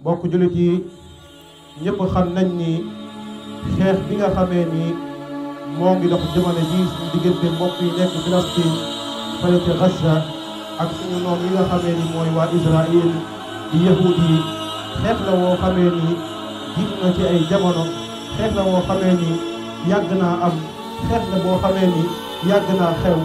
mbokk jullit yi ñëpp xam nañ ni xeex bi nga xamee ni moo ngi dox jamono ji suñu diggante mbokk yi nekk Filastin fële ca Gaza ak suñu noon yi nga xamee ni mooy waa Israël di yahud xeex la woo xamee ni na ci ay jamono xeex la woo xamee ni yàgg naa am xeex la boo xamee ni yàgg naa xew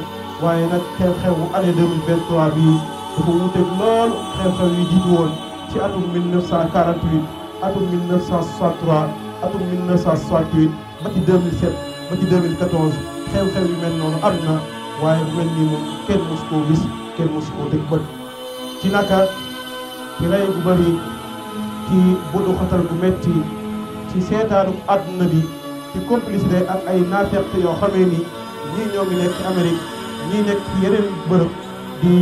waaye nag xew-xewu année 2023 bii dafa wuuteeg lool xew-xew yi jiitu woon ci atum 1948 atum 1963 atum 1968 ba ci 2007 ba ci 2014 xew-xew yu mel noonu am na waaye mel ni moom kenn mos koo gis kenn mos koo teg bët ci naka ci rey gu bëri ci budu xatal gu metti ci seetaanu àdduna bi ci complicité ak ay naafeq yoo xamee ni ñii ñoo ngi nekk Amérique ñii nekk yeneen bërëb di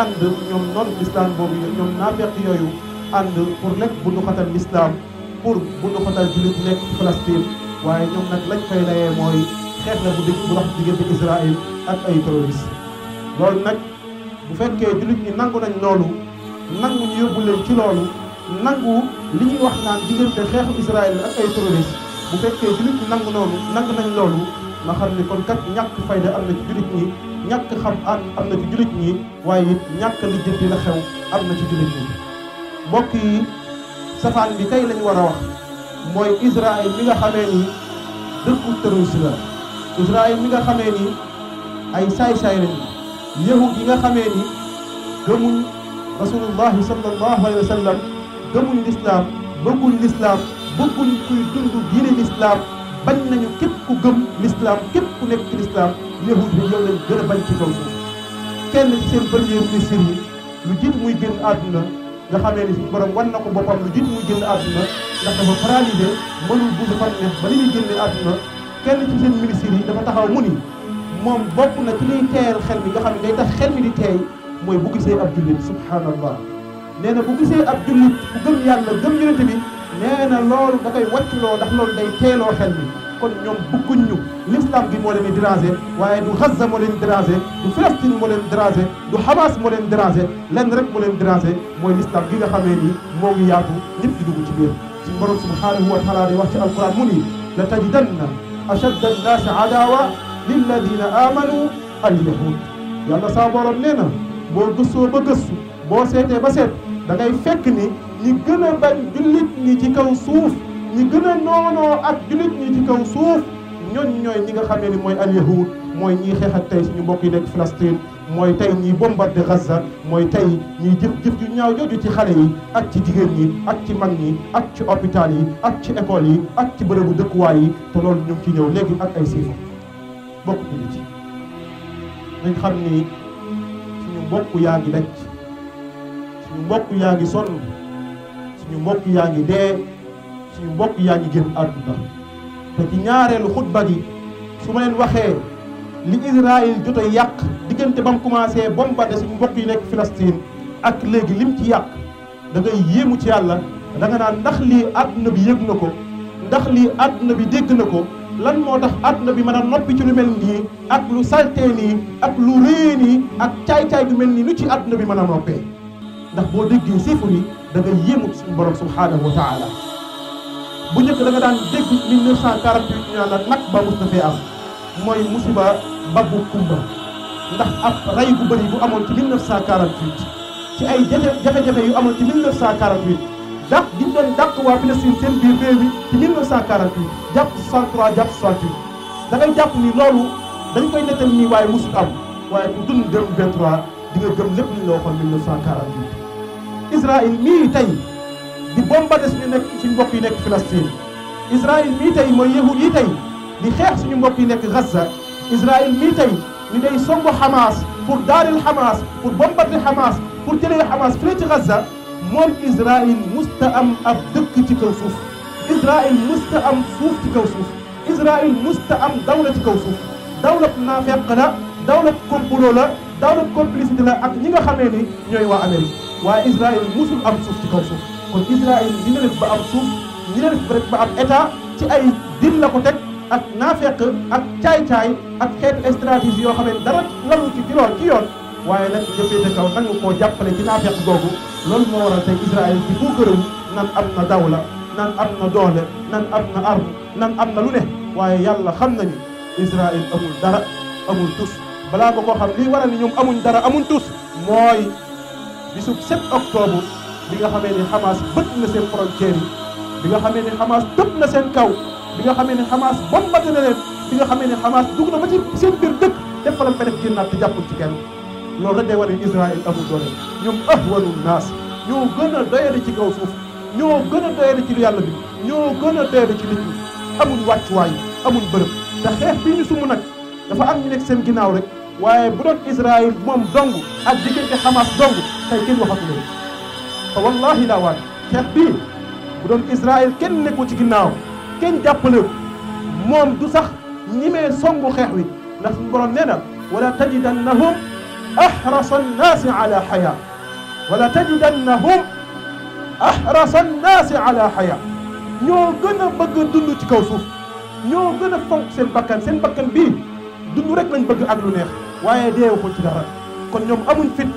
ànd ñoom noonu l'islam boobu ñoom naafeq yooyu ànd pour nekk bu ñu xatal l'islam pour bu ñu xatal jullit nekk ci Palestine waaye ñoom nag lañ koy layee mooy xeex la bu dëgg bu dox diggante Israël ak ay terroristes loolu nag bu fekkee jullit ñi nangu nañ loolu nangu ñu yóbbu leen ci loolu nangu li ñuy wax naan diggante xeexu Israël ak ay terroristes bu fekkee jullit ñi nangu noonu nangu nañ loolu nga xam ne kon kat ñàkk fayda am na ci jullit ñi ñàkk xam an am na ci jullit ñi waaye it ñàkk li jëndi am na ci jullit ñi mbokk yi safaan bi kay lañ war a wax mooy Israël mi nga xamee ni dëkku terroriste la Israël mi nga xamee ni ay saay-saay lañu yahud yi nga xamee ni gëmuñ rasulullahi sallallahu alayhi wa sallam gëmuñ lislaam bëgguñ lislaam bëgguñ kuy dund diine lislaam bañ nañu képp ku gëm lislaam képp ku nekk ci lislaam yahud bi yow lañ gën a bañ ci kaw suuf kenn ci seen premier ministre yi lu jiit muy génn àdduna nga xamee ni suñu borom wan na ko boppam lu jiit muy génn àdduna ndax dafa paralysé mënul bu fan ne ba li ñuy ci seen ministre yi dafa taxaw mu ni moom bokk na ci liy teeyal xel bi nga xam ne day tax xel mi di teey mooy bu gisee ab jullit subhanallah gisee ab jullit bu bi nee na loolu da koy wacciloo ndax loolu day teeloo xel bi kon ñoom bëgguñ ñu l'islam gi moo leen di déranger waaye du Gaza moo leen déranger du Palestine moo leen déranger du Hamas moo leen déranger lenn rek moo leen déranger mooy l'islam gi nga xamee ni moo ngi yaatu ñëpp di dugg ci biir suñu borom subhanahu wa taala di wax ci alquran mu ni la tajidanna ashadda annaasi adawa lilladina amanu alyahud yàlla saa borom nee na boo gëstoo ba gëstu boo seetee ba seet da ngay fekk ni ñi gën a bañ jullit ñi ci kaw suuf ñi gën a noonoo ak jullit ñi ci kaw suuf ñooñ ñooy ñi nga xamee ni mooy alyahud mooy ñiy xeex ak tey suñu mbokk yi nekk Palestine mooy tey ñiy bombardé Gaza mooy tey ñiy jëf jëf ju jooju ci xale yi ak ci jigéen ñi ak ci mag ñi ak ci hôpital yi ak ci école yi ak ci bërëbu dëkkuwaay yi te loolu ñu ngi ci ñëw léegi ak ay siifa bokk jullit yi nañ xam ni suñu mbokk yaa ngi daj suñu mbokk yaa ngi sonn suñu mbokk yaa ngi dee suñu mbokk yaa ngi génn àdduna te ci ñaareelu xutba gi su ma leen waxee li Israël jot a yàq diggante ba mu commencé bombardé suñu mbokk yi nekk Palestine ak léegi lim ci yàq da yéemu ci yàlla da nga naan ndax lii àdduna bi yëg na ko ndax lii àdduna bi dégg na ko lan moo tax àdduna bi mën a noppi ci lu mel nii ak lu saltee nii ak lu réer nii ak caay-caay gu mel nii lu ci àdduna bi mën a noppee ndax boo déggee chiffres yi da nga yéemu suñu borom subhaanahu wa taala bu ñëkk da daan dégg 1948 ñu naan la nag ba mos na fee am mooy musiba baggu kumba ndax ab rey gu bëri bu amoon ci 1948 ci ay jafe-jafe yu amoon ci 1948 dàq gi ñu doon dàq waa Palestine seen biir réew mi ci 1948 jàpp 63 jàpp 68 da ngay jàpp ni loolu dañ koy nettal nii waaye mosut am waaye ku dund 2023 di nga gëm lépp li ñu la waxoon 1948. Israël mii tey di bombardé suñu nekk suñu mbokk yi nekk Palestine Israël mii tey mooy yahud yi tey di xeex suñu mbokk yi nekk Gaza Israël mii tey ñu day songu Hamas pour daaril Hamas pour bombarder Hamas pour jëlee Hamas fële ci Gaza moom Israël musta am ab dëkk ci kaw suuf Israël musta am suuf ci kaw suuf Israël musta am dawla ci kaw suuf dawla naafeq la dawla complot la dawla complicité la ak ñi nga xamee ni ñooy waa Amérique وإسرائيل Israël musul am suuf إسرائيل ينرف suuf ينرف Israël بأب إتا def ba am suuf li na def ak naafeq ak caay-caay ak xet stratégie yo xamné dara lalu ci ci lool ci yoon waye nak jëppé ta kaw nangu ko jàppale ci naafeq gogou loolu mo waral tay Israël ci bu gërëm nan amna dawla nan amna doole nan amna na nan amna lu ne waye yàlla xam nañu Israël amul dara amul tous bala ko koo xam li waral ni ñum amuñ dara amuñ tous moy bisub 7 octobre bi nga xamee ne Hamas bëtt na seen frontières yi bi nga xamee ne Hamas tëb na seen kaw bi nga xamee ne Hamas bombardé na leen bi nga xamee ne Hamas dugg na ba ci seen biir dëkk def fa la te jàppul ci kenn loolu rek day war ne Israël amul doole ñoom ahwanu naas ñoo gën a doyadi ci kaw suuf ñoo gën a doyadi ci lu yàlla bi ñoo gën a doyadi ci nit ñi amul wàccuwaay amul bërëb te xeex ñu sumb nag dafa am ñu nekk seen ginnaaw waaye bu doon Israël moom dong ak diggante Hamas dong tey kenn waxatu loolu te wallahi laa waat xeex bii bu doon Israël kenn nekkoo ci ginnaaw kenn jàppale moom du sax ñimee songu xeex wi ndax suñu borom nee wala tajidannahum ahrasa annaasi ala xaya wala tajidannahum ahrasa annaasi ala xaya ñoo gën bëgg dund ci kaw suuf ñoo gëna fonk seen bakkan seen bakkan bi dund rek lañ bëgg ak lu neex waaye deewu ko ci dara kon ñoom amuñ fit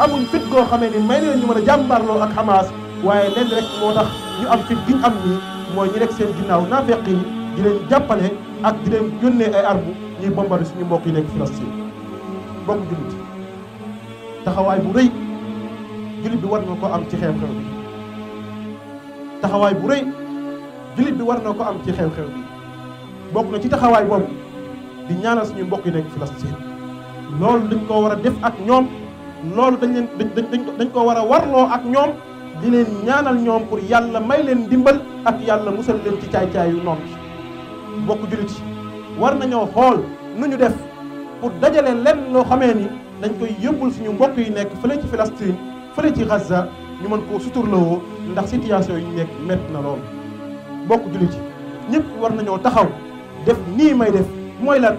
amuñ fit goo xamee ni may leen ñu mën a jàmbaarloo ak Hamas waaye lenn rek moo tax ñu am fit giñ am nii mooy ñi rek seen ginnaaw naafeq yi di leen jàppale ak di leen yónnee ay arme ñuy bombardé suñu mbokk yi nekk Filastin bokk jullit taxawaay bu rëy jullit bi war na ko am ci xew-xew bi taxawaay bu rëy jullit bi war na ko am ci xew-xew na ci taxawaay boobu di ñaanal suñu mbokk yi si Filastin loolu dañ koo war a def ak ñoom loolu dañ leen dañ ko war a warloo ak ñoom di leen ñaanal ñoom pour yàlla may leen ndimbal ak yàlla musal leen ci caay-caay yu noonu bokk jullit war nañoo xool nu ñu def pour dajale lenn loo xamee ni dañ koy yóbbul suñu mbokk yi nekk fële ci Palestine fële ci Gaza ñu mën koo suturlawoo ndax situation yi nekk métti na lool bokk jullit ñëpp war nañoo taxaw def nii may def mooy lan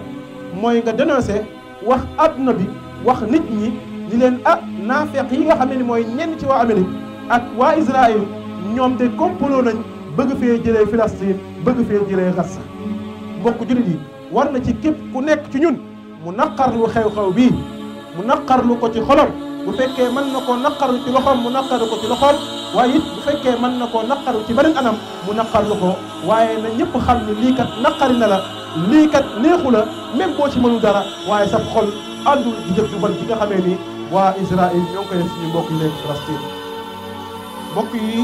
mooy nga dénoncé wax adduna bi wax nit ñi ni leen ah naafeq yi nga xam ne mooy ñenn ci waa Amérique ak waa Israël ñoom de complot nañ bëgg fee jëlee Palestine bëgg fee jëlee Gaza mbokk jullit yi war na ci képp ku nekk ci ñun mu naqarlu xew-xew bii mu naqarlu ko ci xolom bu fekkee mën na koo naqarlu ci loxoom mu naqarlu ko ci loxoom waaye it bu fekkee mën na koo naqarlu ci beneen anam mu naqarlu ko waaye na ñëpp xam ne lii kat naqari na la lii kat neexu la même boo ci mënul dara waaye sab xol àndul di jëf ju bon gi nga xamee ni waa Israël ñoo ngi koy def suñu mbokk yi Palestine mbokk yi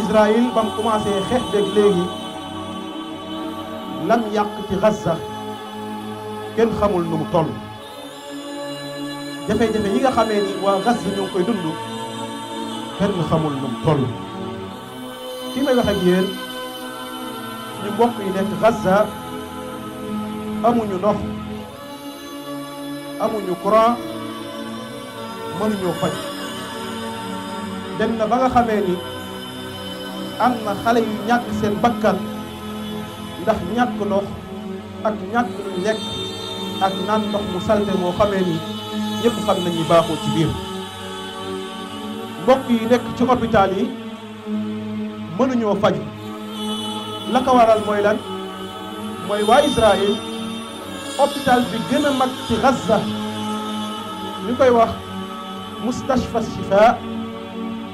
Israël ba commencé xeex beeg léegi lam yàq ci Gaza kenn xamul nu mu toll jafe-jafe yi nga xamee ni waa Gaza ñoo koy dund kenn xamul nu mu toll fii may wax ak yéen ñu mbokk yi nekk Gaza amuñu ndox amuñu courant mënuñoo faj dem na ba nga xamee ni am na xale yu ñàkk seen bakkan ndax ñàkk ndox ak ñàkk luñ lekk ak naan ndox mu salte moo xamee ni xam nañu baaxoo ci biir mbokk nekk ci hôpital yi mënuñoo faju la ko waral mooy lan mooy waa Israël hôpital bi gën a mag ci Gaza ñu koy wax mustashfa shifa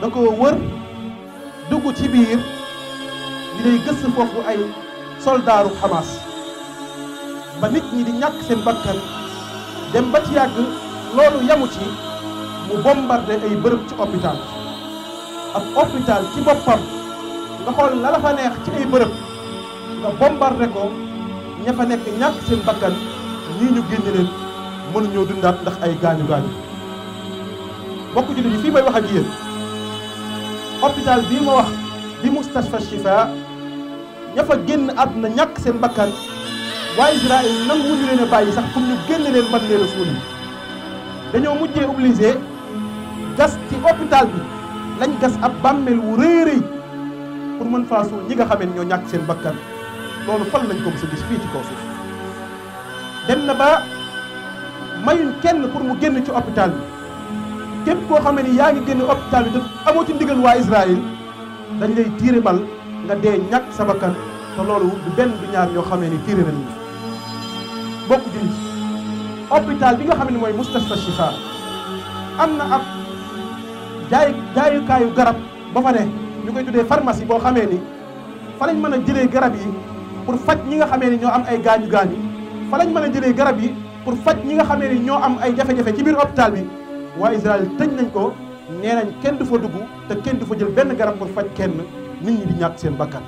da ko wër dugg ci biir di day gës foofu ay soldaaru Hamas ba nit ñi di ñàkk seen bakkan dem ba ci yàgg loolu yamu ci mu bombardé ay bërëb ci hôpital ab hôpital ci boppam nga xool la la fa neex ci ay bërëb te bombardé ko ña fa nekk ñàkk seen bakkan ñi ñu genn leen mënuñoo dundat ndax ay gañu gañu bokku jullit yi fi may wax ak yeen hôpital bi ma wax di mustashfa shifa ña fa génn àdduna ñàkk seen bakkan wa Israël nangu wuñu leen a bàyyi sax pour ñu genn leen man leen dañoo obligé gas ci hôpital bi lañ gas ab bammel wu reere pour mën faa ñi nga xamé ñoo ñak seen bakkan loolu fan lañ ko mos a gis fii ci kaw suuf na ba mayuñ kenn pour mu génn ci hôpital bi képp koo xamee ni yaa ngi génn hôpital bi te amoo ci ndigal waa Israël dañ lay tiire bal nga dee ñàkk sa bakkan te loolu du benn du ñaar ñoo xamee ni tiire nañ ñu bokk bi nga xam ne mooy Moustapha Chifa am na ab jaay jaayukaayu garab ba fa ne ñu koy tuddee pharmacie boo xamee ni fa lañ mën a jëlee garab yi pour faj ñi nga xamee ni ñoo am ay gaañu gaañu fa lañ mën a jëlee garab yi pour faj ñi nga xamee ni ñoo am ay jafe-jafe ci biir hôpital bi waa Israël tëj nañ ko nee nañ kenn du fa dugg te kenn du fa benn garab pour faj kenn nit ñi di ñàkk seen bakkan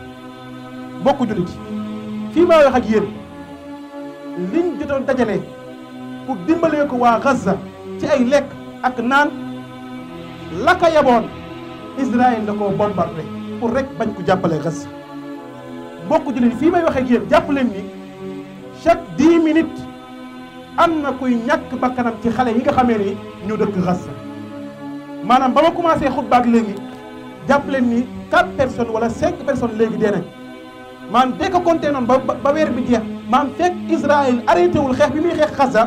mbokku jullit fii maa wax yéen liñ jotoon dajale pour dimbalee ko waa Gaza ci ay lekk ak naan la ko yeboon Israël da koo bombardé pour rek bañ ko jàppale Gaza بوكو لي في ماي وخك ييب جاب لين ني شاك 10 مينيت امنا كوي نياك باكانام تي خالي ييغا خامي ني ني دك غاس مانام باما كوماسي خوت باك لين ني جاب لين ني 4 بيرسون ولا 5 بيرسون لي دي نك مان ديكا كونتي نون با وير بي ديخ مان فيك اسرائيل اريتي وول خيخ بي مي خيخ غاسا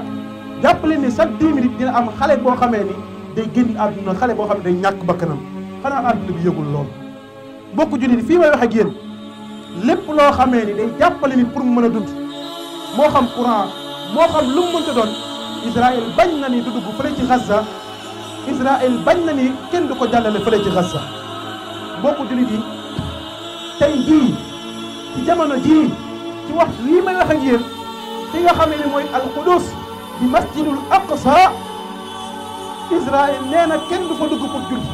جاب لين ني شاك 10 مينيت دينا ام خالي بو خامي ني دي ген ادنا خالي بو خامي دي نياك باكانام خانا ادنا بي ييغول لول بوكو جولي في ماي وخك lépp loo xamee ni day jàppale nit pour mu mën dund moo xam courant moo xam lu mu mënta doon Israël bañ na ni du dugg fële ci Gaza Israël bañ na ni kenn du ko jàllale fële ci Gaza mbokku jullit yi tey jii ci jamono jii ci wax lii may wax ak yéen fi nga xamee ni mooy alxudus di masjidul aqsa Israël nee na kenn du fa dugg pour julli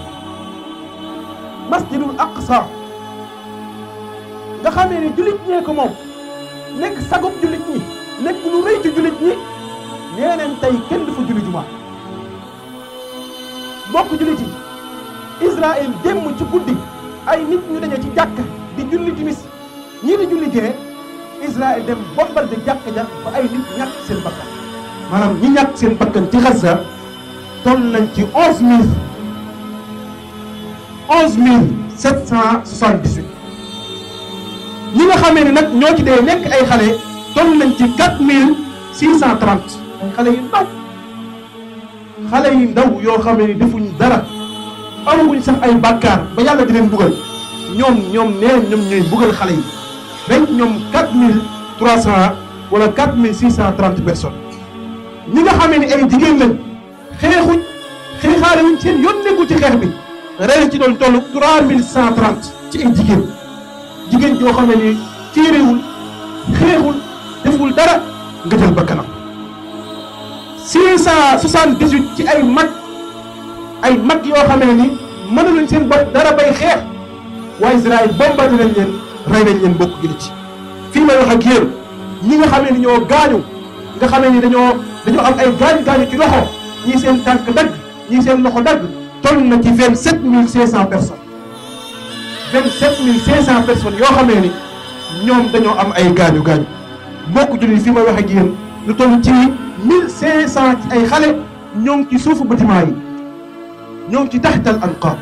masjidul aqsa nga xamee ne jullit ñee ko moom nekk sagub jullit ñi nekk lu rëy ci jullit ñi nee nañ tey kenn du fa julli jumaa bokk jullit yi Israël démb ci guddi ay nit ñu daje ci jàkk di julli timis ñii di julli gee Israël dem bombardé jàkk ja ba ay nit ñàkk seen bakkan maanaam ñi ñàkk seen bakkan ci Gaza toll nañ ci onze mille onze mille ñi nga xamee ni nag ñoo ci dee nekk ay xale toll nañ ci quatre mille six cent trente xale yu ndaw xale yu ndaw yoo xamee ne defuñ dara amaguñ sax ay bàkkaar ba yàlla di leen bugal ñoom ñoom nee ñoom ñooy bugal xale yi rek ñoom quatre mille trois cent wala quatre mille six cent trente personnes ñi nga xamee ne ay jigéen lañ xeexuñ xeexaale wuñ seen yoon nekku ci xeex bi ren ci doon toll trois mille cent trente ci ay jigéen jigen jo xam ne nii tiiriwul xeexul deful dara nga jël bakkanam 678 ci ay mag ay mag yo xam ni nii mënaluñ seen bop dara bay xeex wa Israël bombardé nañ leen ray nañ leen bokku gi ci fi ma wax ak yéen ñi nga xam ni ñoo ganu nga xam ni dañoo dañoo am ay gaañu gaañu ci loxo ñi seen tànk dag ñi seen loxo dag toll na ci 27500 personnes vingt-sept mille cinq cent personnes yoo xamee ni ñoom dañoo am ay gaañu gaañu mbokk jullit fi may wax ak yéen lu toll ci mil cinq cent ci ay xale ñoo ngi ci suufu bâtiment yi ñoo ngi ci taxtal anqaab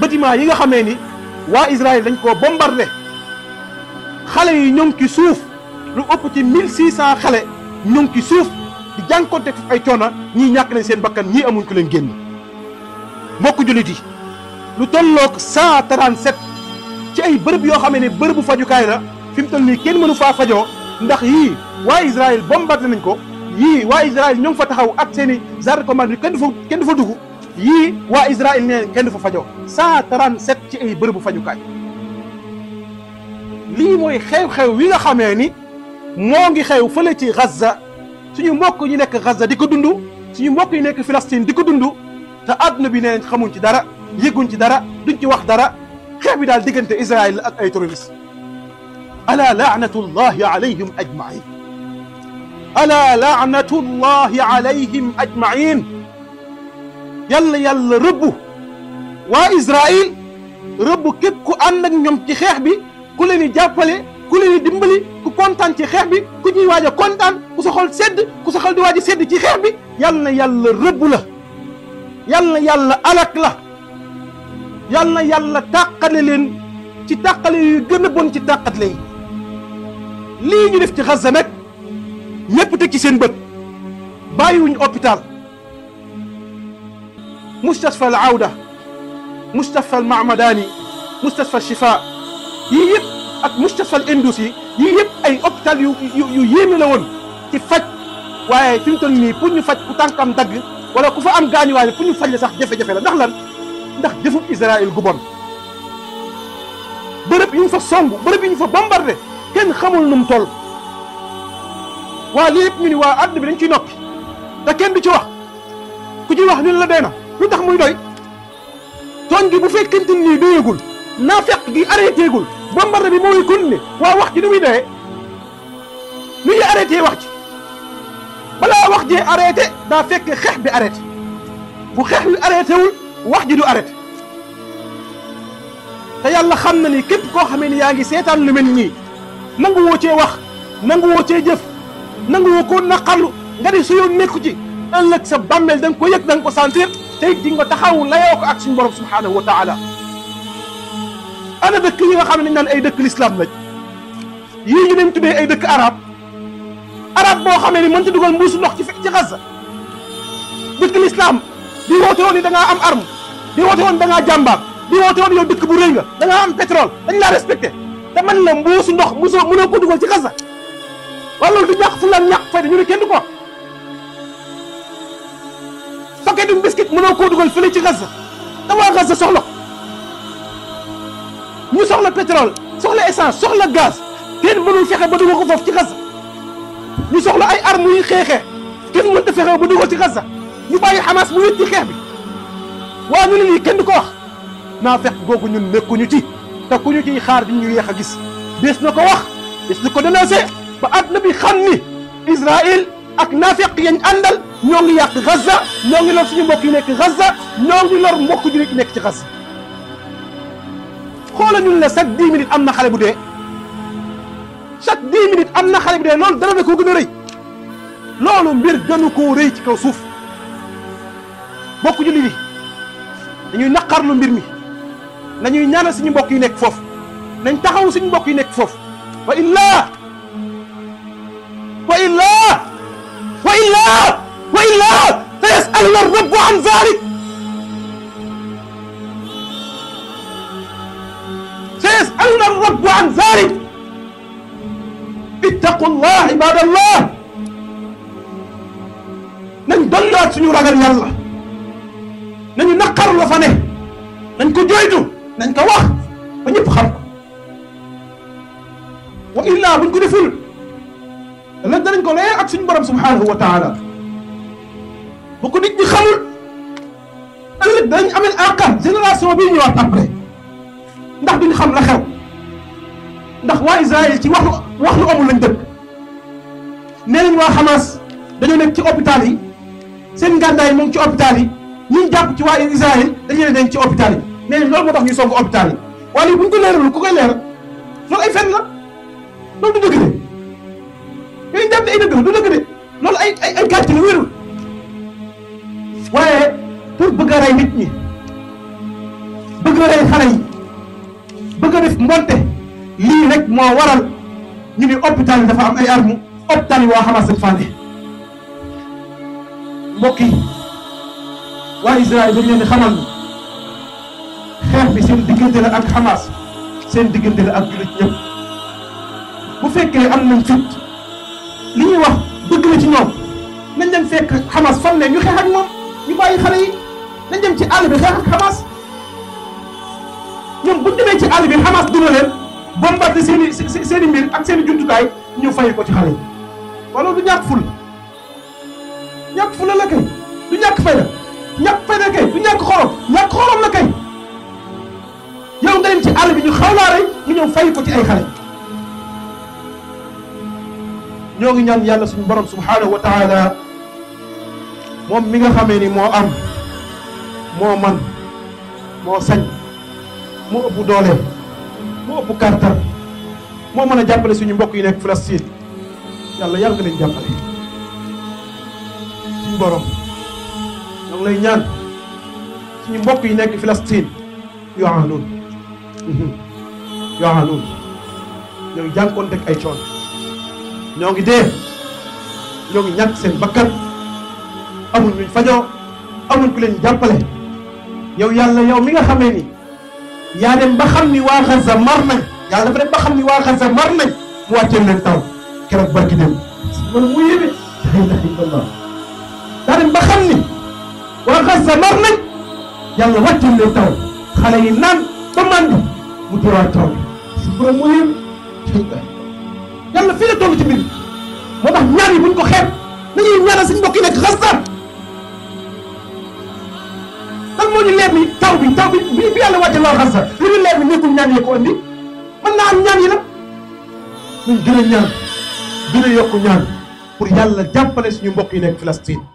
bâtiment yi nga xamee ni waa Israël dañ koo bombardé xale yi ñoo ngi ci suuf lu ëpp ci cent xale ñoo ngi ci suuf di ko foofu ay coona ñii ñàkk nañ seen bakkan ñii amuñ ku leen génn mbokk jullit lu tolloog 137 ci ay bërëb yoo xam ne bërëbu kay la fim mu toll kenn mënu fa fajo ndax yi wa Israël bombardé nañ ko yi wa Israël ñu fa taxaw ak seeni zar genre commande kenn fu kenn fa dugg yi wa Israël nee kenn fa fajo 137 ci ay bërëbu kay li moy xew-xew wi nga xamee ni moo ngi xew fële ci Gaza suñu mbokk ñu nekk Gaza diko dundu suñu mbokk yi nekk Palestine diko dundu ta te bi neen xamuñ ci dara. يجون تدرى دنت واحد درى كابي دال ديجنت إسرائيل أي تورينس ألا لعنة الله عليهم أجمعين ألا لعنة الله عليهم أجمعين يلا يلا ربو وإسرائيل ربو كبكو أنك نيوم تخيح بي كلني جابلي كلني دمبلي كو كونتان تخيح بي كو جي واجه كونتان كو سخول سد كو سخول دي واجه سد تخيح بي يلا يلا ربو له يلا يلا ألك له yal na yàlla tàqale leen ci tàqale yu gën a bon ci tàqatle yi lii ñu def ci Gaza nag ñépp teg ci seen bët bàyyiwuñu hôpital mustasfa al awda mustasfa al mahamadaani mustasfa shifa yii yëpp ak mustasfa al indus yi yii yëpp ay hôpital yu yu yéeme la woon ci faj waaye fi mu toll nii pour ñu faj ku tànkam dagg wala ku fa am gaañuwaay pour ñu faj la sax jafe-jafe la ndax lan ndax jëfub Israël gu bon bërëb yi ñu fa song bërëb yi ñu fa bombardé kenn xamul nu mu toll waa lii yëpp ñu ni waa àdduna bi dañ ciy noppi te kenn du ci wax ku ci wax ñu la doy na lu tax muy doy tooñ gi bu fekkente nii doyagul naa fekk gi arrêté gul bombardé bi mooy continuer waa wax ji nu muy doyee nu ñuy arrêté wax ji balaa wax jee arrêté daa fekk xeex bi arrêté bu xeex bi arrêté wul. wax ji du arrêté te yàlla xam na ni képp koo xamee ni yaa ngi lu mel nii nangu woo cee wax nangu woo cee jëf nangu woo ko naqarlu nga di su yoon ci ëllëg sa bàmmeel da ko yëg da ko sentir te di nga taxaw layoo ko ak suñu borom subhanahu wa taala ana dëkk yi nga xam ne naan ay dëkk lislaam lañ yii ñu leen tuddee ay dëkk arab arab boo xamee ni mënta dugal mbuusu ndox ci ci Gaza dëkk di da am arme di woote woon da ngaa jàmbaar di woote woon yow dëkk bu rëy nga da ngaa am man la mbuusu ndox mbuusu mënoo ko dugal ci xasa wala loolu du fu la ñàkk fay dañu ne kenn du ko paquet du biscuit dugal fële ci Gaza te waa Gaza soxla ñu soxla pétrole soxla essence soxla gaz kenn mënul fexe ba dugal ko ci Gaza ñu soxla ay armes yu xeexee kenn mënut a fexe ba dugal ci Gaza ñu bàyyi Hamas mu wéet ci xeex bi waa ñu ne lii kenn du ko wax naa fekk googu ñun nekkuñu ci te ku ñu ciy xaar di ñu yéex a gis des na ko wax des na ko dénoncé ba àdduna bi xam ni Israël ak naafeq yañ àndal ñoo ngi yàq Gaza ñoo ngi lor suñu mbokk yi nekk Gaza ñoo ngi lor mbokk julit yi nekk ci Gaza xoola ñun la chaque dix minutes am na xale bu dee chaque dix minutes am na xale bu dee loolu dara na koo gën a rëy loolu mbir gënu koo rëy ci kaw suuf mbokk julit yi dañuy naqarlu mbir mi dañuy ñaanal suñu mbokk yi nekk foofu nañ taxaw suñu mbokk yi nekk foofu wa illaa wa illaa wa illaa wa illaa te yasaluna rabbu an zalik te yasaluna rabbu an zalik ittaqu llah ibadallah nañ dolliwaat suñu ragal yàlla nañu naqaru la fa ne nañ ko jooytu nañ ko wax ba ñëpp xam ko wa illaa buñ ko deful la danañ ko leer ak suñu borom subhanahu wa taala bu ko nit ñi xamul ëllëg danañ amel àqam génération bii ñëwaat après ndax duñ xam la xew ndax waa Israël ci wax wax lu amul lañ dëkk waa Hamas dañoo nekk ci hôpital yi seen ngàndaay moom ci hôpital ñun jàpp ci waa Israël dañu leen denc ci hôpital yi nee nañ loolu moo tax ñu song hôpital yi waaye bu ñu ko leeralul ku koy leer loolu ay fen la loolu du dëgg de ay dëgg la du dëgg de loolu ay ay ay la wérul waaye pour bëgg rey nit ñi bëgg rey xale yi bëgg mbonte lii rek moo waral ñu ni hôpital yi dafa am ay armes hôpital yi waa Hamas ak Fane mbokk yi waa Israël dañ leen di xamal ni xeex bi seen diggante la ak Hamas seen diggante la ak jullit ñëpp bu fekkee am nañ fit li ñuy wax dëgg la ci ñoom nañ dem fekk Hamas fan ne ñu xeex ak moom ñu bàyyi xale yi nañ dem ci àll bi xeex ak Hamas ñoom bu ñu demee ci àll bi Hamas duna leen bombardé seen i seen i mbir ak seen i jumtukaay ñu fay ko ci xale yi wala du ñàkk ful ñàkk fula la kay du ñàkk fay la. ñàkk fayda kay du ñàkk xorom ñàkk xorom la kay nga dem ci àll bi ñu xaw laa rey fay ko ci ay xale ñoo ngi ñaan yàlla suñu borom subhanahu wa taala moom mi nga xamee ni moo am moo man moo sañ moo ëpp doole moo ëpp kàttan moo mën a jàppale suñu mbokk yi nekk Palestine yàlla yàlla nga leen jàppale suñu borom ñoo ngi lay ñaan suñu mbokk yi nekk Palestine yoo xam noonu mhm, yoo xam noonu ñoo ngi jànkoonte ak ay coono ñoo ngi dee ñoo ngi ñàkk seen bakkan amul ñu fajoo amul ku leen jàppale yow yàlla yow mi nga xamee ni yaa dem ba xam ni waa Gaza mar nañ yàlla dafa dem ba xam ni waa Gaza mar nañ mu wàcceel leen taw keroog barki dem. man dem ba xam ni. wala xas sa mar nag yàlla wàccul leen taw xale yi naan ba màndi mu diwaat taw bi su borom mu yem yàlla fii la toll ci mbir moo tax ñaan yi buñ ko xeeb nañuy ñaanal suñ mbokk yi nekk xas daan lan moo ñu leer ni taw bi taw bi bi yàlla wàcce lool xas sa li ñu leer ni nekkul ñaan yi ko andi mën naa am ñaan yi la ñu gën a ñaan gën a pour yàlla jàppale suñu mbokk yi Palestine